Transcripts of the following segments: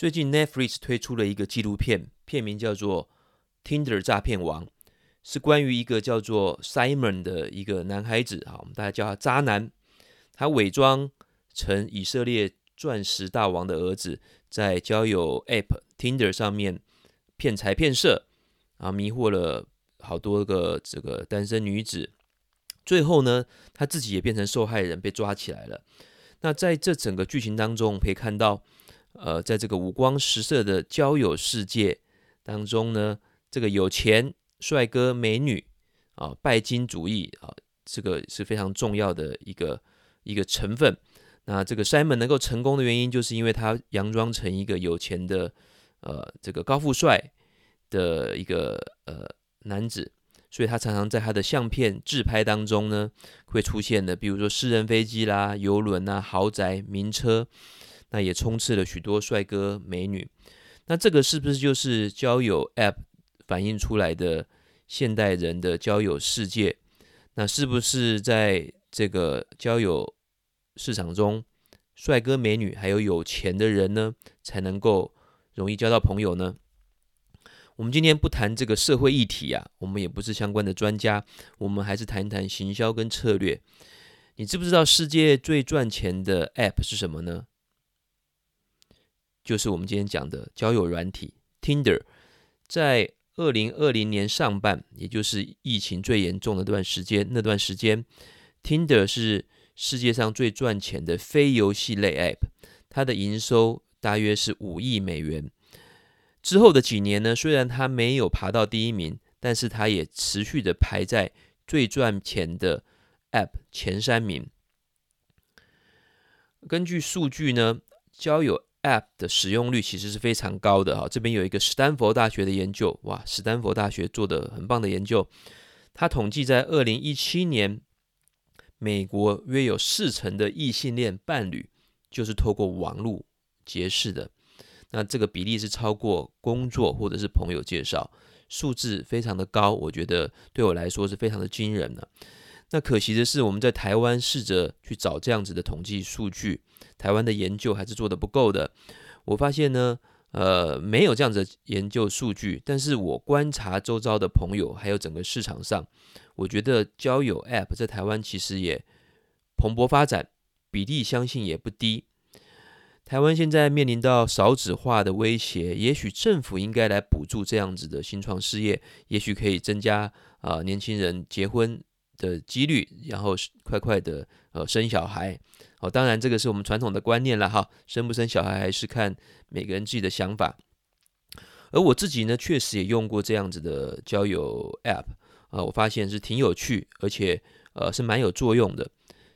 最近 Netflix 推出了一個紀錄片，片名叫做《Tinder 詐騙王》，是關於一個叫做 Simon 的一個男孩子，好，我們大家叫他渣男。他偽裝成以色列鑽石大王的兒子，在交友 App Tinder 上面騙財騙色，啊，迷惑了好多個這個單身女子。最後呢，他自己也變成受害人，被抓起來了。那在這整個劇情當中，可以看到。呃，在這個五光十色的交友世界當中呢，這個有錢帥哥美女啊，拜金主義啊，這個是非常重要的一個一個成分。那這個 o 門能夠成功的原因，就是因為他佯裝成一個有錢的呃這個高富帥的一個呃男子，所以他常常在他的相片自拍當中呢會出現的，比如說私人飛機啦、啊、遊輪啊、豪宅、名車。那也充斥了許多帥哥美女，那這個是不是就是交友 APP 反映出來的現代人的交友世界？那是不是在這個交友市場中，帥哥美女還有有錢的人呢，才能夠容易交到朋友呢？我們今天不談這個社會議題啊，我們也不是相關的專家，我們還是談一談行銷跟策略。你知不知道世界最賺錢的 APP 是什麼呢？就是我們今天講的交友軟體 Tinder，在二零二零年上半，也就是疫情最嚴重的那段時間，那段時間，Tinder 是世界上最賺錢的非遊戲類 App，它的營收大約是五億美元。之後的幾年呢，雖然它沒有爬到第一名，但是它也持續的排在最賺錢的 App 前三名。根據數據呢，交友。App 的使用率其實是非常高的哈、哦，這邊有一個史丹佛大學的研究，哇，史丹佛大學做得很棒的研究，它統計在二零一七年，美國約有四成的異性戀伴侶就是透過網絡結識的，那這個比例是超過工作或者是朋友介紹，數字非常的高，我覺得對我來說是非常的驚人的、啊。那可惜的是，我們在台灣試着去找這樣子的統計數據，台灣的研究還是做得不夠的。我發現呢，呃，沒有這樣子研究數據，但是我觀察周遭的朋友，還有整個市場上，我覺得交友 App 在台灣其實也蓬勃發展，比例相信也不低。台灣現在面臨到少子化的威脅，也許政府應該來補助這樣子的新創事業，也許可以增加啊、呃、年輕人結婚。的幾率，然後快快的呃生小孩，哦，當然這個是我們傳統的觀念了哈，生不生小孩還是看每個人自己的想法。而我自己呢，確實也用過這樣子的交友 APP，啊、呃，我發現是挺有趣，而且呃是蠻有作用的，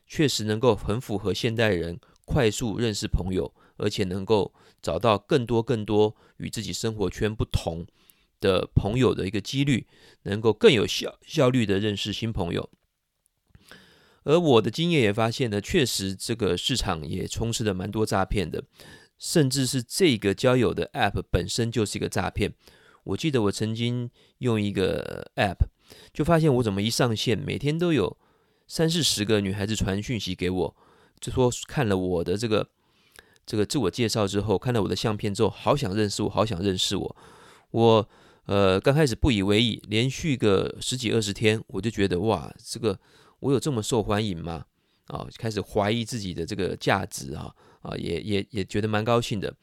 確實能夠很符合現代人快速認識朋友，而且能夠找到更多更多與自己生活圈不同。的朋友的一個幾率，能夠更有效效率的認識新朋友。而我的經驗也發現呢，確實這個市場也充斥著蠻多詐騙的，甚至是這個交友的 App 本身就是一個詐騙。我記得我曾經用一個 App，就發現我怎麼一上線，每天都有三四十個女孩子傳訊息給我，就說看了我的這個這個自我介紹之後，看了我的相片之後，好想認識我，好想認識我，我。呃，剛開始不以為意，連續個十幾二十天，我就覺得哇，這個我有這麼受歡迎嗎？啊，開始懷疑自己的這個價值啊，啊，也也也覺得蠻高興的。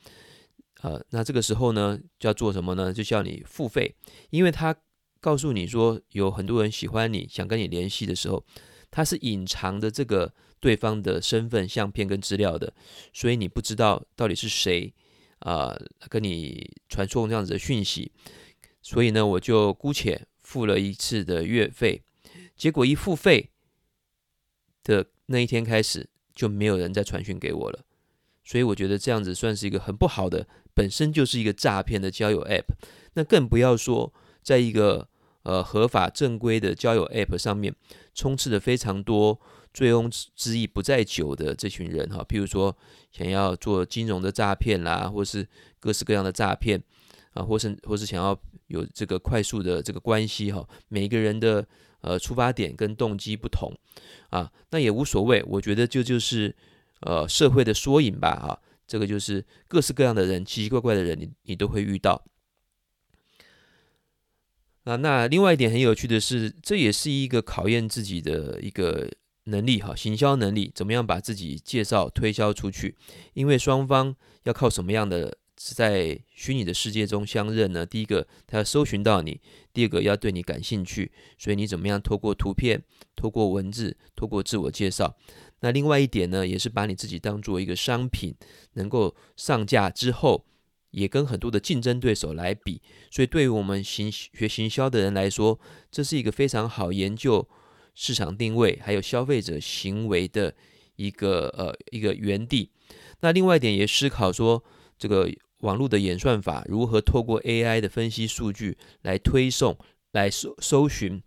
呃、啊，那這個時候呢，就要做什麼呢？就叫你付費，因為他告訴你說有很多人喜歡你想跟你聯繫的時候，他是隱藏的這個對方的身份、相片跟資料的，所以你不知道到底是誰啊跟你傳送這樣子的訊息。所以呢，我就姑且付了一次的月費，結果一付費的那一天開始就沒有人再傳訊給我了。所以我覺得這樣子算是一個很不好的，本身就是一個詐騙的交友 app。那更不要說在一個呃合法正規的交友 app 上面充斥着非常多醉翁之意不在酒的這群人哈，譬如說想要做金融的詐騙啦，或是各式各樣的詐騙啊，或是或是想要。有這個快速的這個關係哈，哦，每一個人的呃出發點跟動機不同啊，那也無所謂，我覺得這就，就是呃社會的縮影吧啊，這個就是各式各樣的人，奇奇怪怪的人你，你你都會遇到，啊，那另外一點很有趣的是，這也是一個考驗自己的一個能力哈，啊，行銷能力，怎麼樣把自己介紹推銷出去，因為雙方要靠什麼樣的？是在虛擬的世界中相認呢？第一個，他要搜尋到你；第二個，要對你感興趣。所以你怎麼樣？透過圖片，透過文字，透過自我介紹。那另外一點呢，也是把你自己當做一個商品，能夠上架之後，也跟很多的競爭對手來比。所以，對於我們行學行銷的人來說，這是一個非常好研究市場定位，還有消費者行為的一個呃一個園地。那另外一點也思考說這個。網絡的演算法如何透過 AI 的分析數據來推送、來搜搜尋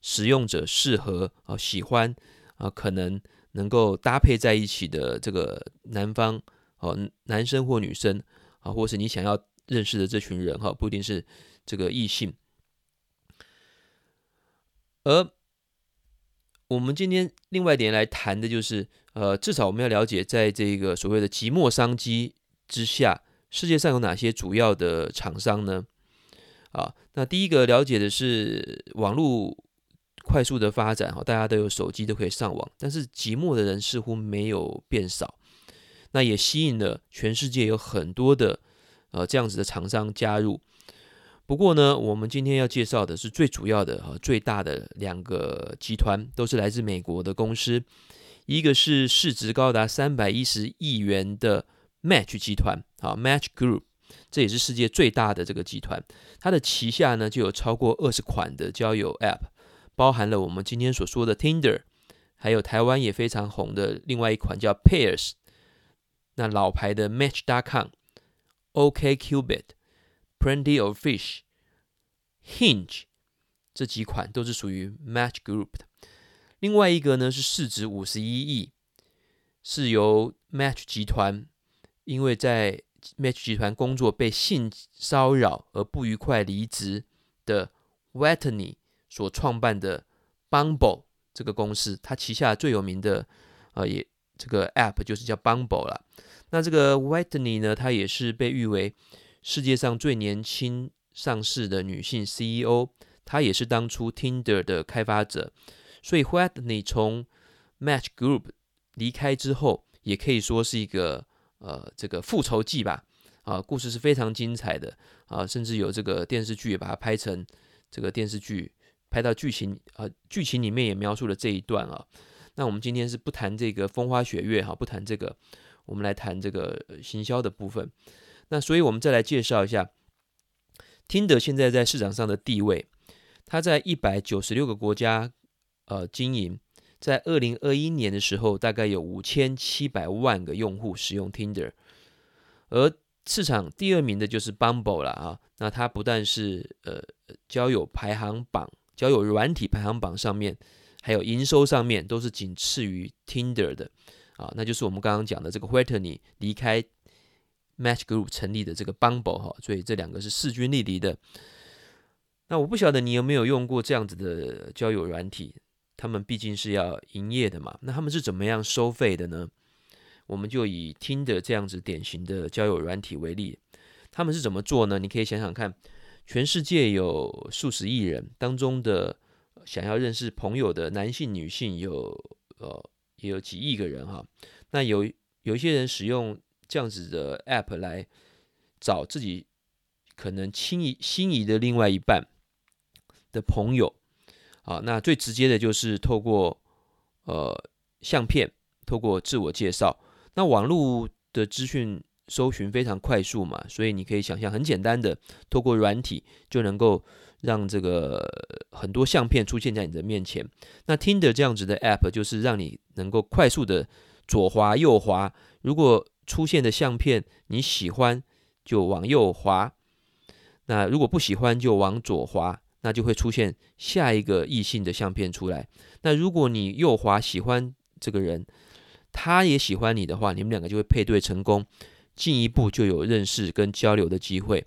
使用者適合、啊，喜歡、啊可能能夠搭配在一起的這個男方哦、啊、男生或女生啊，或是你想要認識的這群人哈、啊，不一定是這個異性。而我們今天另外一點來談的就是，呃，至少我們要了解，在這個所謂的寂寞商機之下。世界上有哪些主要的廠商呢？啊，那第一個了解的是網絡快速的發展，哈，大家都有手機，都可以上網，但是寂寞的人似乎沒有變少。那也吸引了全世界有很多的呃這樣子的廠商加入。不過呢，我們今天要介紹的是最主要的哈，最大的兩個集團都是來自美國的公司，一個是市值高達三百一十億元的。Match 集團啊，Match Group，這也是世界最大的這個集團。它的旗下呢就有超過二十款的交友 App，包含了我們今天所說的 Tinder，還有台灣也非常紅的另外一款叫 Pairs。那老牌的 Match.com、OKCupid、Plenty of Fish、Hinge 這幾款都是屬於 Match Group 的。另外一個呢是市值五十一億，是由 Match 集團。因為在 Match 集團工作被性騷擾而不愉快離職的 Whitney 所創辦的 Bumble 這個公司，它旗下最有名的呃也這個 App 就是叫 Bumble 了。那這個 Whitney 呢，她也是被譽為世界上最年輕上市的女性 CEO。她也是當初 Tinder 的開發者。所以 Whitney 從 Match Group 離開之後，也可以說是一個。呃，這個復仇記吧，啊，故事是非常精彩的啊，甚至有這個電視劇也把它拍成這個電視劇，拍到劇情啊，呃，劇情裡面也描述了這一段啊。那我們今天是不談這個風花雪月哈，啊，不談這個，我們來談這個行銷的部分。那所以我們再來介紹一下，Tinder 現在在市場上的地位，它在一百九十六個國家呃經營。在二零二一年的時候，大概有五千七百萬個用戶使用 Tinder，而市場第二名的就是 Bumble 了啊。那它不但是呃交友排行榜、交友軟體排行榜上面，還有營收上面都是僅次於 Tinder 的啊。那就是我們剛剛講的這個 Whitney 離開 Match Group 成立的這個 Bumble 哈，啊，所以這兩個是勢均力敵的。那我不曉得你有沒有用過這樣子的交友軟體？他們畢竟是要營業的嘛，那他們是怎麼樣收費的呢？我們就以 Tinder 這樣子典型的交友軟體為例，他們是怎麼做呢？你可以想想看，全世界有數十億人當中的想要認識朋友的男性、女性有呃、哦、也有幾億個人哈，那有有一些人使用這樣子的 App 來找自己可能親心儀心儀的另外一半的朋友。啊，那最直接的就是透過呃相片，透過自我介紹。那網絡的資訊搜尋非常快速嘛，所以你可以想象很簡單的，透過軟體就能夠讓這個很多相片出現在你的面前。那 Tinder 這樣子的 APP 就是讓你能夠快速的左滑右滑，如果出現的相片你喜歡就往右滑，那如果不喜歡就往左滑。那就會出現下一個異性的相片出來。那如果你右滑喜歡這個人，他也喜歡你的話，你們兩個就會配對成功，進一步就有認識跟交流的機會。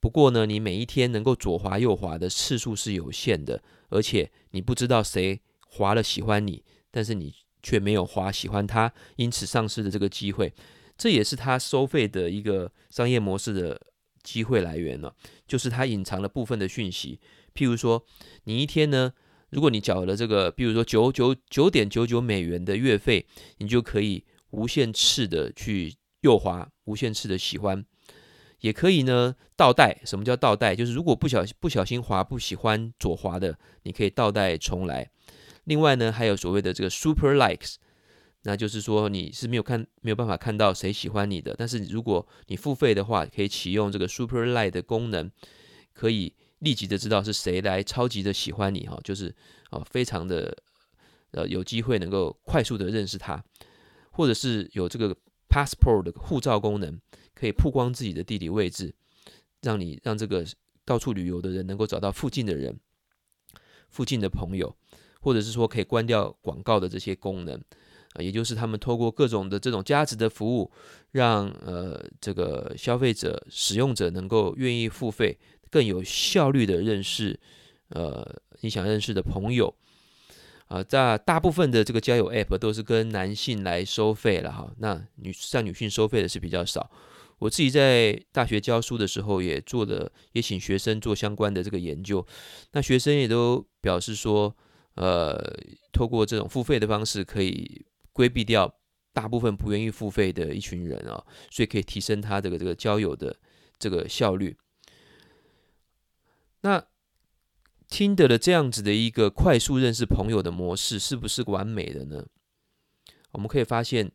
不過呢，你每一天能夠左滑右滑的次數是有限的，而且你不知道誰滑了喜歡你，但是你卻沒有滑喜歡他，因此喪失的這個機會，這也是他收費的一個商業模式的機會來源了，就是他隱藏了部分的訊息。譬如說，你一天呢，如果你繳了這個，譬如說九九九點九九美元的月費，你就可以無限次的去右滑，無限次的喜歡，也可以呢倒帶。什麼叫倒帶？就是如果不小心不小心滑不喜歡左滑的，你可以倒帶重來。另外呢，還有所謂的這個 Super Likes，那就是說你是沒有看沒有辦法看到誰喜歡你的，但是如果你付費的話，可以啟用這個 Super Like 的功能，可以。立即的知道是誰來超級的喜歡你哈，就是啊，非常的呃有機會能夠快速的認識他，或者是有這個 passport 的護照功能，可以曝光自己的地理位置，讓你讓這個到處旅遊的人能夠找到附近的人、附近的朋友，或者是說可以關掉廣告的這些功能啊，也就是他們通過各種的這種加值的服務，讓呃這個消費者使用者能夠願意付費。更有效率的認識，呃，你想認識的朋友啊，大大部分的這個交友 APP 都是跟男性來收費了哈。那女像女性收費的是比較少。我自己在大學教書的時候也做的，也請學生做相關的這個研究。那學生也都表示說，呃，透過這種付費的方式，可以規避掉大部分不願意付費的一群人啊、哦，所以可以提升他這個這個交友的這個效率。那 Tinder 的這樣子的一個快速認識朋友的模式，是不是完美的呢？我們可以發現，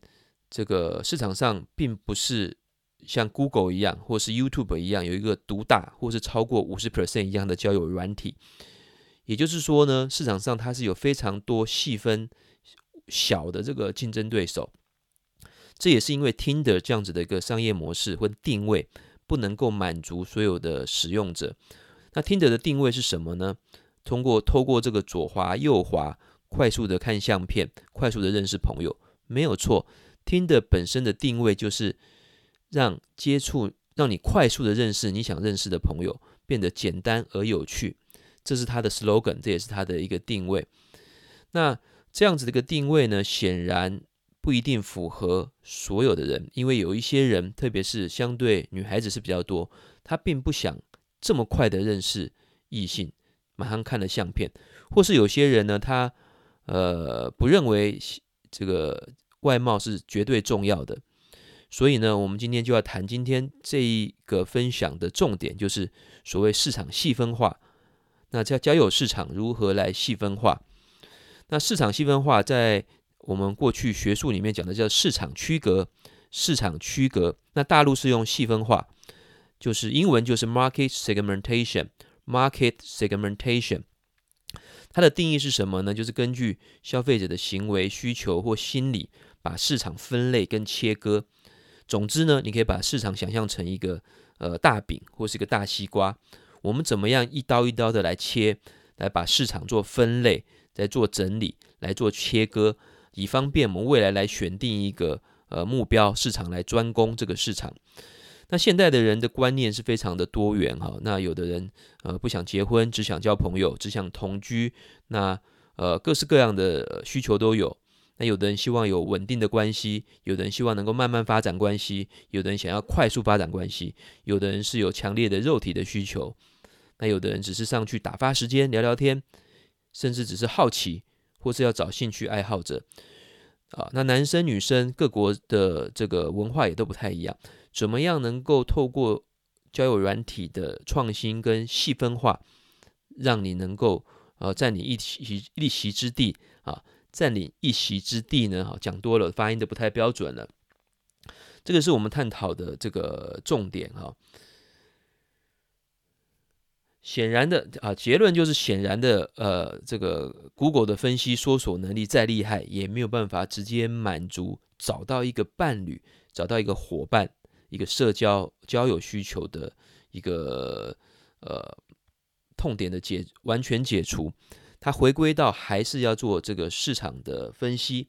這個市場上並不是像 Google 一樣，或是 YouTube 一樣有一個獨大，或是超過五十 percent 一樣的交友軟體。也就是說呢，市場上它是有非常多細分小的這個競爭對手。這也是因為 Tinder 這樣子的一個商業模式或定位，不能夠滿足所有的使用者。那 Tinder 的定位是什麼呢？通過透過這個左滑右滑，快速的看相片，快速的認識朋友，沒有錯。Tinder 本身的定位就是讓接觸，讓你快速的認識你想認識的朋友變得簡單而有趣，這是它的 slogan，這也是它的一個定位。那這樣子的一個定位呢，顯然不一定符合所有的人，因為有一些人，特別是相對女孩子是比較多，她並不想。這麼快的認識異性，馬上看了相片，或是有些人呢，他呃不認為這個外貌是絕對重要的，所以呢，我們今天就要談今天這一個分享的重點，就是所謂市場細分化。那這交友市場如何來細分化？那市場細分化在我們過去學術裡面講的叫市場區隔，市場區隔。那大陸是用細分化。就是英文就是 market segmentation，market segmentation，它的定義是什麼呢？就是根據消費者的行為需求或心理，把市場分類跟切割。總之呢，你可以把市場想象成一個呃大餅或是一個大西瓜，我們怎麼樣一刀一刀的來切，來把市場做分類、再做整理、來做切割，以方便我們未來來選定一個呃目標市場來專攻這個市場。那現代的人的觀念是非常的多元哈。那有的人呃不想結婚，只想交朋友，只想同居。那呃各式各樣的需求都有。那有的人希望有穩定的關係，有的人希望能夠慢慢發展關係，有的人想要快速發展關係，有的人是有強烈的肉體的需求。那有的人只是上去打發時間聊聊天，甚至只是好奇，或是要找興趣愛好者啊。那男生女生各國的這個文化也都不太一樣。怎麼樣能夠透過交友軟體的創新跟細分化，讓你能夠呃佔領一席一席之地啊？佔領一席之地呢？哈、啊，講多了，發音的不太標準了。這個是我們探討的這個重點哈、啊。顯然的啊，結論就是顯然的，呃，這個 Google 的分析搜索能力再厲害，也沒有辦法直接滿足找到一個伴侶，找到一個夥伴。一個社交交友需求的一個呃痛點的解完全解除，他回歸到還是要做這個市場的分析，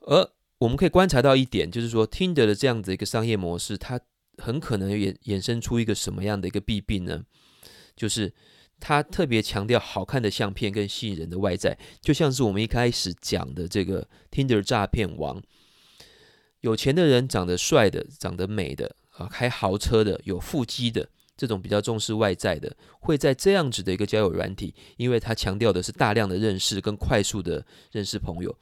而我們可以觀察到一點，就是說，Tinder 的這樣子一個商業模式，它很可能衍衍生出一個什麼樣的一個弊病呢？就是。他特別強調好看的相片跟吸引人的外在，就像是我們一開始講的這個 Tinder 詐騙王，有錢的人、長得帥的、長得美的啊、開豪車的、有腹肌的，這種比較重視外在的，會在這樣子的一個交友軟體，因為他強調的是大量的認識跟快速的認識朋友，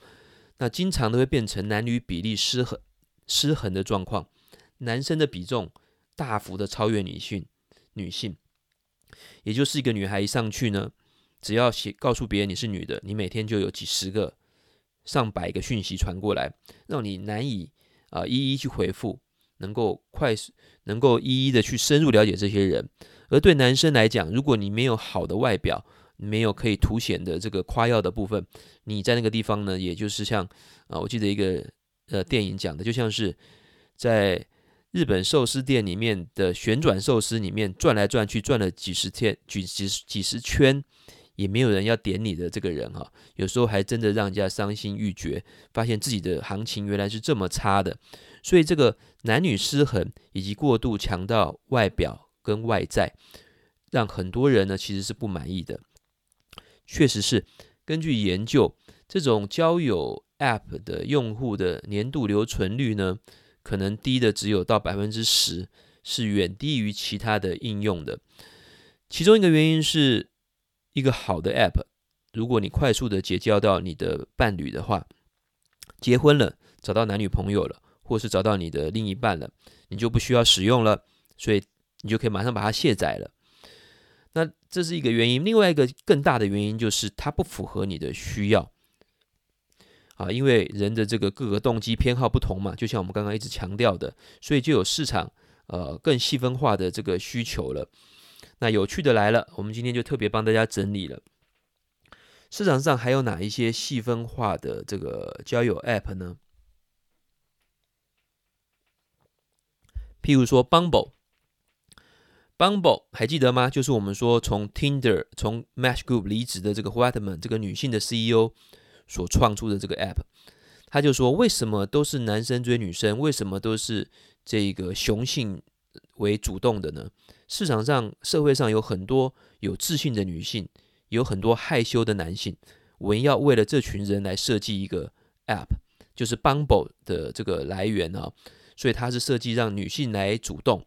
那經常都會變成男女比例失衡失衡的狀況，男生的比重大幅的超越女性，女性。也就是一個女孩一上去呢，只要寫告訴別人你是女的，你每天就有幾十個、上百個訊息傳過來，讓你難以啊、呃、一一去回復，能夠快速、能夠一一的去深入了解這些人。而對男生來講，如果你沒有好的外表，沒有可以凸顯的這個誇耀的部分，你在那個地方呢，也就是像啊、呃，我記得一個呃電影講的，就像是在，日本壽司店裡面的旋轉壽司裡面轉來轉去，轉了幾十天、幾十、幾十圈，也沒有人要點你的這個人哈、啊。有時候還真的讓人家傷心欲絕，發現自己的行情原來是這麼差的。所以這個男女失衡以及過度強調外表跟外在，讓很多人呢其實是不滿意的。確實是根據研究，這種交友 App 的用戶的年度留存率呢。可能低的只有到百分之十，是遠低於其他的應用的。其中一個原因是，一個好的 App，如果你快速的結交到你的伴侶的話，結婚了，找到男女朋友了，或是找到你的另一半了，你就不需要使用了，所以你就可以馬上把它卸載了。那這是一個原因，另外一個更大的原因就是它不符合你的需要。啊，因為人的這個各個動機偏好不同嘛，就像我們剛剛一直強調的，所以就有市場呃更細分化的這個需求了。那有趣的來了，我們今天就特別幫大家整理了市場上還有哪一些細分化的這個交友 App 呢？譬如說 Bumble，Bumble Bumble 還記得嗎？就是我們說從 Tinder 從 Match Group 離職的這個 Whitney 這個女性的 CEO。所創出的這個 app，他就說：為什麼都是男生追女生？為什麼都是這個雄性為主動的呢？市場上、社會上有很多有自信的女性，有很多害羞的男性。我們要為了這群人來設計一個 app，就是 Bumble 的這個來源啊，所以它是設計讓女性來主動。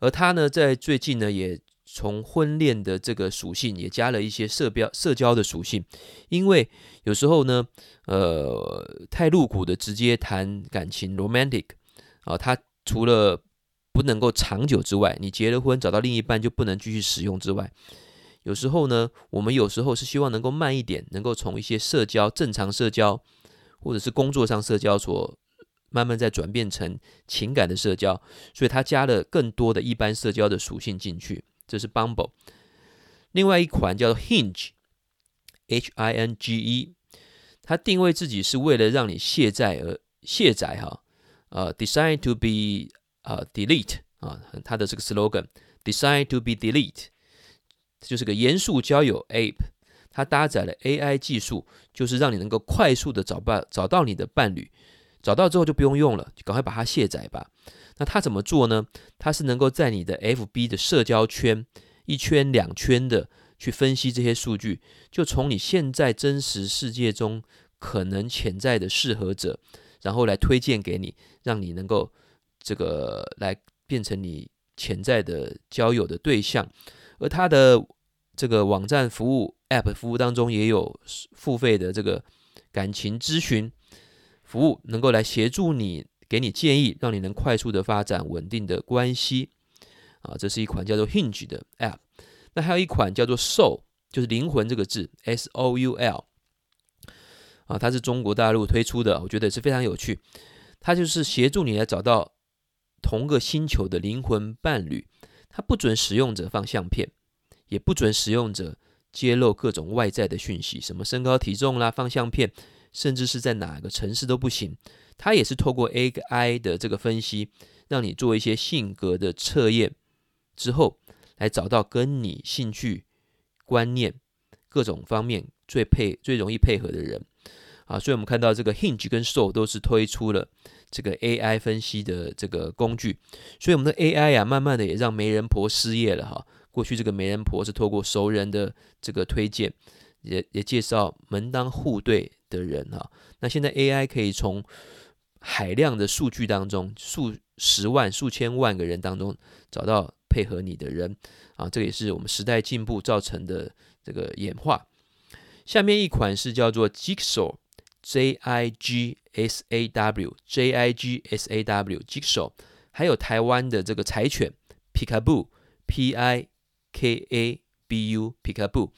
而他呢，在最近呢也，從婚戀的這個屬性也加了一些社交社交的屬性，因為有時候呢，呃，太露骨的直接談感情 romantic 啊，它除了不能夠長久之外，你結了婚找到另一半就不能繼續使用之外，有時候呢，我們有時候是希望能夠慢一點，能夠從一些社交，正常社交或者是工作上社交所慢慢再轉變成情感的社交，所以它加了更多的一般社交的屬性進去。這是 Bumble，另外一款叫做 Hinge，H-I-N-G-E，-E，它定位自己是為了讓你卸載而卸載哈、啊，呃，designed to be 呃 delete 啊，它的這個 slogan，designed to be delete，就是個嚴肅交友 app，它搭載了 AI 技術，就是讓你能夠快速的找伴找到你的伴侶，找到之後就不用用了，就趕快把它卸載吧。那他怎麼做呢？他是能夠在你的 FB 的社交圈一圈兩圈的去分析這些數據，就從你現在真實世界中可能潛在的適合者，然後來推薦給你，讓你能夠這個來變成你潛在的交友的對象。而他的這個網站服務 APP 服務當中也有付費的這個感情諮詢服務，能夠來協助你。給你建議，讓你能快速的發展穩定的關係啊！這是一款叫做 Hinge 的 App，那還有一款叫做 Soul，就是“靈魂”這個字 S O U L 啊，它是中國大陸推出的，我覺得也是非常有趣。它就是協助你來找到同個星球的靈魂伴侶。它不准使用者放相片，也不准使用者揭露各種外在的訊息，什麼身高體重啦，放相片，甚至是在哪個城市都不行。它也是透過 AI 的這個分析，讓你做一些性格的測驗之後，來找到跟你興趣、觀念各種方面最配、最容易配合的人啊。所以，我們看到這個 Hinge 跟 Soul 都是推出了這個 AI 分析的這個工具。所以，我們的 AI 啊，慢慢的也讓媒人婆失業了哈。過去這個媒人婆是透過熟人的這個推薦，也也介紹門當戶對的人哈。那現在 AI 可以從海量的數據當中，數十萬、數千萬個人當中找到配合你的人啊，這也是我們時代進步造成的這個演化。下面一款是叫做 Jigsaw J I G S A W J I G S A W Jigsaw，還有台灣的這個柴犬 Pikabu，P I K A B U P I K A B U Pikabu。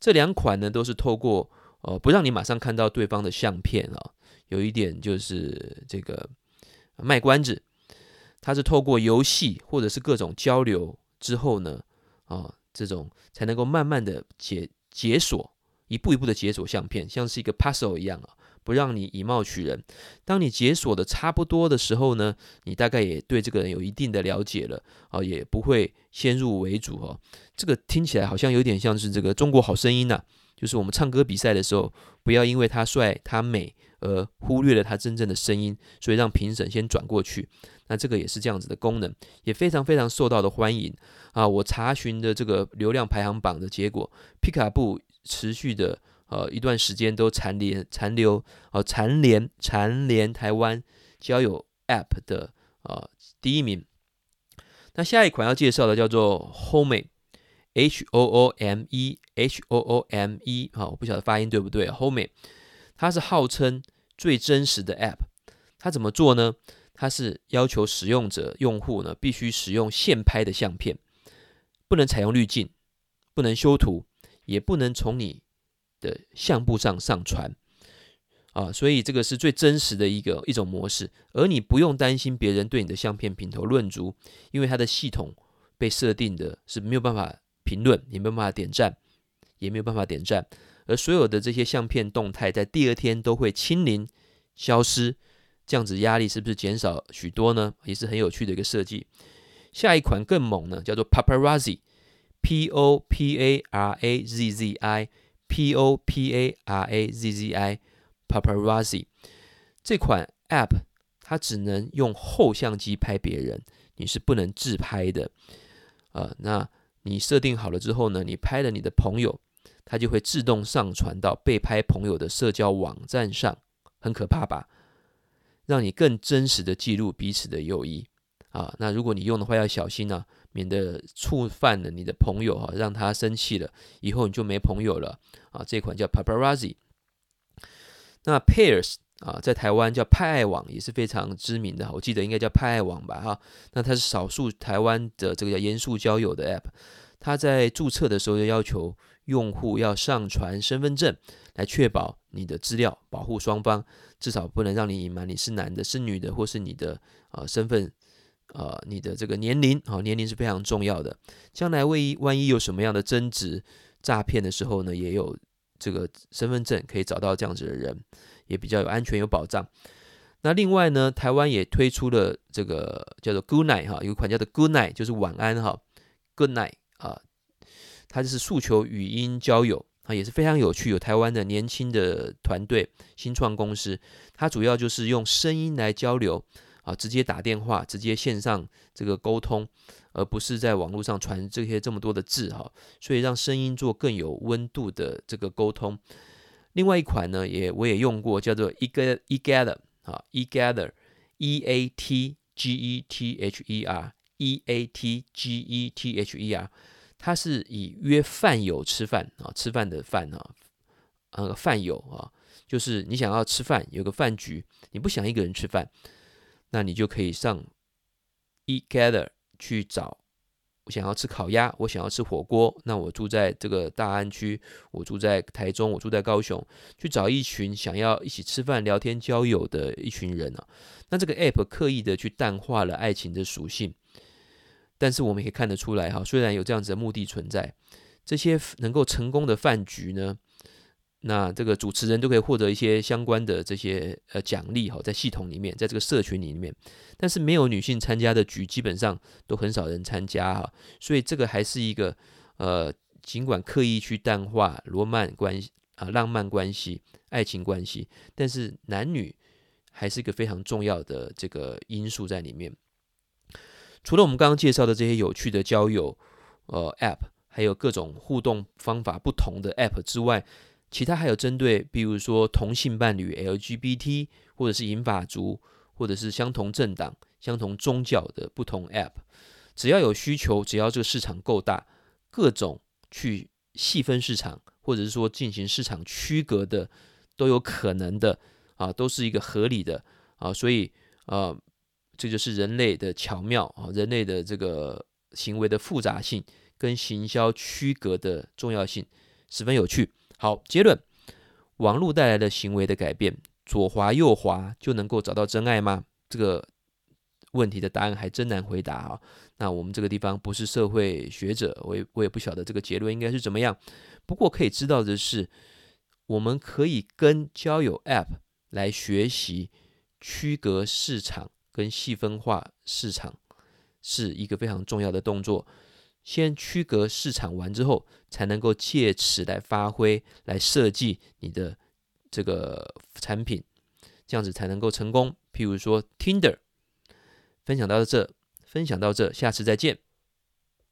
這兩款呢都是透過呃不讓你馬上看到對方的相片啊、哦。有一點就是這個賣關子，他是透過遊戲或者是各種交流之後呢，啊，這種才能夠慢慢的解解鎖，一步一步的解鎖相片，像是一個 puzzle 一樣啊，不讓你以貌取人。當你解鎖的差不多的時候呢，你大概也對這個人有一定的了解了啊，也不會先入為主哦、啊。這個聽起來好像有點像是這個中國好聲音吶、啊，就是我們唱歌比賽的時候，不要因為他帥他美。而忽略了他真正的聲音，所以讓評審先轉過去。那這個也是這樣子的功能，也非常非常受到的歡迎啊！我查詢的這個流量排行榜的結果，皮卡布持續的呃、啊、一段時間都蟬聯、殘留呃，蟬聯、啊、蟬聯台灣交友 App 的呃、啊、第一名。那下一款要介紹的叫做 Hoome，H O O M E H O O M E 哈、啊，我不曉得發音對不對，Hoome。它是號稱最真實的 APP，它怎麼做呢？它是要求使用者用戶呢必須使用現拍的相片，不能採用濾鏡，不能修圖，也不能從你的相簿上上傳，啊，所以這個是最真實的一個一種模式，而你不用擔心別人對你的相片評頭論足，因為它的系統被設定的是沒有辦法評論，也沒有辦法點讚，也沒有辦法點讚。而所有的這些相片動態在第二天都會清零消失，這樣子壓力是不是減少許多呢？也是很有趣的一個設計。下一款更猛呢，叫做 Poparazzi，P O P A R A Z Z I，P O P A R A Z Z I，Poparazzi。這款 App 它只能用後相機拍別人，你是不能自拍的。呃，那你設定好了之後呢，你拍了你的朋友。它就會自動上傳到被拍朋友的社交網站上，很可怕吧？讓你更真實的記錄彼此的友誼啊。那如果你用的話，要小心呢，免得觸犯了你的朋友哈，讓他生氣了，以後你就沒朋友了啊。這款叫 Poparazzi，那 Pairs 啊，在台灣叫派愛網也是非常知名的，我記得應該叫派愛網吧哈。那它是少數台灣的這個叫嚴肅交友的 App，它在注冊的時候就要求。用戶要上傳身份證，來確保你的資料，保護雙方，至少不能讓你隱瞞你是男的、是女的，或是你的啊、呃、身份，呃，你的這個年齡啊、哦，年齡是非常重要的。將來萬一萬一有什麼樣的爭執、詐騙的時候呢，也有這個身份證可以找到這樣子的人，也比較有安全有保障。那另外呢，台灣也推出了這個叫做 Goodnight 哈，有一款叫做 Goodnight，就是晚安哈，Goodnight 啊、呃。它就是訴求語音交友啊，也是非常有趣。有台灣的年輕的團隊新創公司，它主要就是用聲音來交流啊，直接打電話，直接線上這個溝通，而不是在網絡上傳這些這麼多的字哈。所以讓聲音做更有溫度的這個溝通。另外一款呢，也我也用過，叫做 Eg Eatgether 啊，Eatgether，E A T G E T H E R，E A T G E T H E R。它是以約飯友吃飯啊，吃飯的飯啊，呃，飯友啊，就是你想要吃飯，有個飯局，你不想一個人吃飯，那你就可以上 Eatgether 去找。我想要吃烤鴨，我想要吃火鍋，那我住在這個大安區，我住在台中，我住在高雄，去找一群想要一起吃飯、聊天、交友的一群人啊。那這個 App 刻意的去淡化了愛情的屬性。但是我們也看得出來，哈，雖然有這樣子的目的存在，這些能夠成功的飯局呢，那這個主持人都可以獲得一些相關的這些呃獎勵，哈，在系統裡面，在這個社群裡面，但是沒有女性參加的局，基本上都很少人參加，哈，所以這個還是一個呃，儘管刻意去淡化羅曼關係啊、浪漫關係、愛情關係，但是男女還是一個非常重要的這個因素在裡面。除了我們剛剛介紹的這些有趣的交友，呃，App，還有各種互動方法不同的 App 之外，其他還有針對，比如說同性伴侶 LGBT，或者是銀髮族，或者是相同政黨、相同宗教的不同 App，只要有需求，只要這個市場夠大，各種去細分市場，或者是說進行市場區隔的，都有可能的，啊，都是一個合理的，啊，所以，呃。這就是人類的巧妙啊！人類的這個行為的複雜性跟行銷區隔的重要性十分有趣。好，結論：網絡帶來的行為的改變，左滑右滑就能夠找到真愛嗎？這個問題的答案還真難回答啊、哦！那我們這個地方不是社會學者，我也我也不曉得這個結論應該是怎麼樣。不過可以知道的是，我們可以跟交友 App 來學習區隔市場。跟細分化市場是一個非常重要的動作，先區隔市場完之後，才能夠借此來發揮，來設計你的這個產品，這樣子才能夠成功，譬如說，Tinder。分享到這，分享到這，下次再見。